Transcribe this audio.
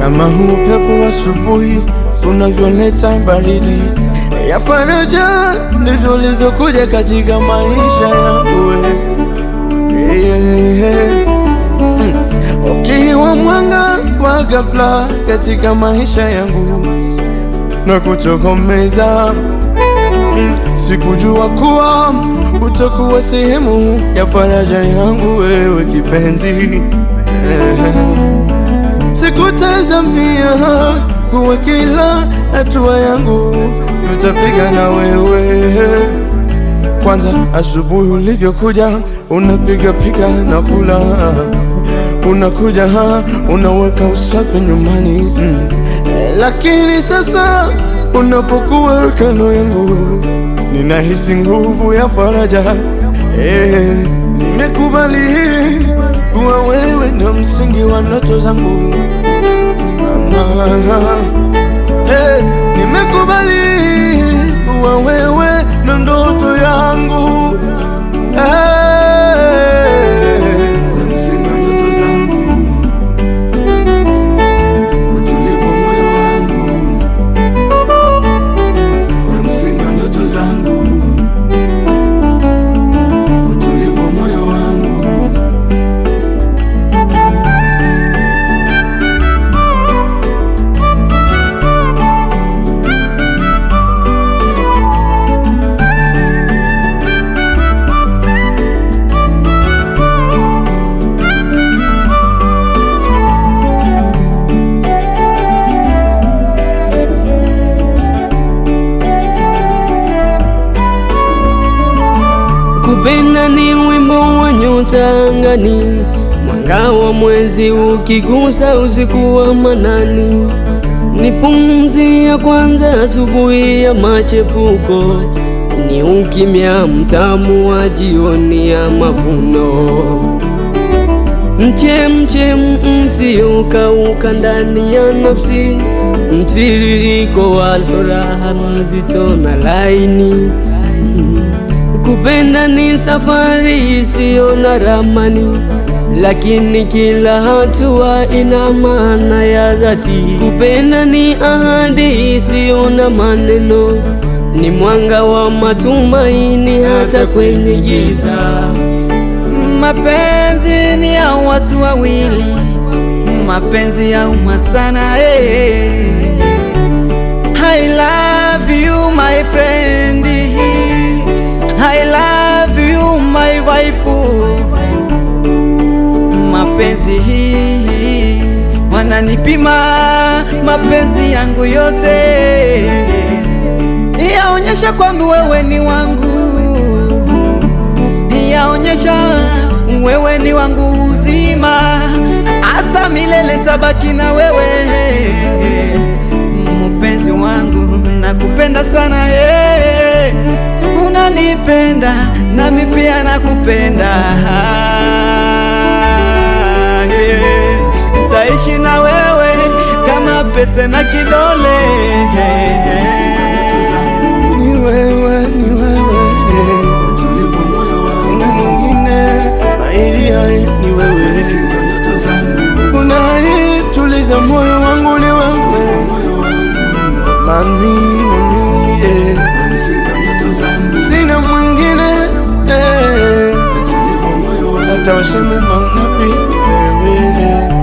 kama huu pepo asubuhi unavyoleta baridi ya faraja, ndivyo ulivyokuja katika maisha yangu hmm. ukiwa mwanga wa ghafla katika maisha yangu na kutokomeza hmm, Sikujua kuwa utakuwa sehemu ya faraja yangu, wewe kipenzi sikutazamia kuwa kila hatua yangu nitapiga na wewe. Kwanza asubuhi ulivyokuja, unapigapiga na kula, unakuja unaweka usafi nyumbani mm. Lakini sasa unapokuwa kando yangu, ninahisi nguvu ya faraja eh, nimekubali msingi wa ndoto zangu mama hey, nimekubali Kupenda ni wimbo wa nyota angani, mwanga wa mwezi ukigusa usiku wa manani. Ni pumzi ya kwanza asubuhi ya machepuko, ni ukimya mtamu wa jioni ya mavuno. Mchemchem msiokauka ndani ya nafsi, mtiririko wa furaha mzito na laini. Kupenda ni safari isiyo na ramani, lakini kila hatua ina maana ya dhati. Kupenda ni ahadi isiyo na maneno, ni mwanga wa matumaini hata kwenye giza. Mapenzi ni ya watu wawili, mapenzi yauma sana, hey, eh. hey. mapenzi hii, wananipima mapenzi yangu yote, iyaonyesha kwamba wewe ni wangu, iyaonyesha wewe ni wangu uzima, hata milele tabaki na wewe, mpenzi wangu, nakupenda sana ye, eh. unanipenda nami pia nakupenda. nitaishi na wewe kama pete na kidole. Ni wewe, ni wewe, una moyo wangu, ni wewe mami, sina mwingine eh. hata washeme mangapi wewe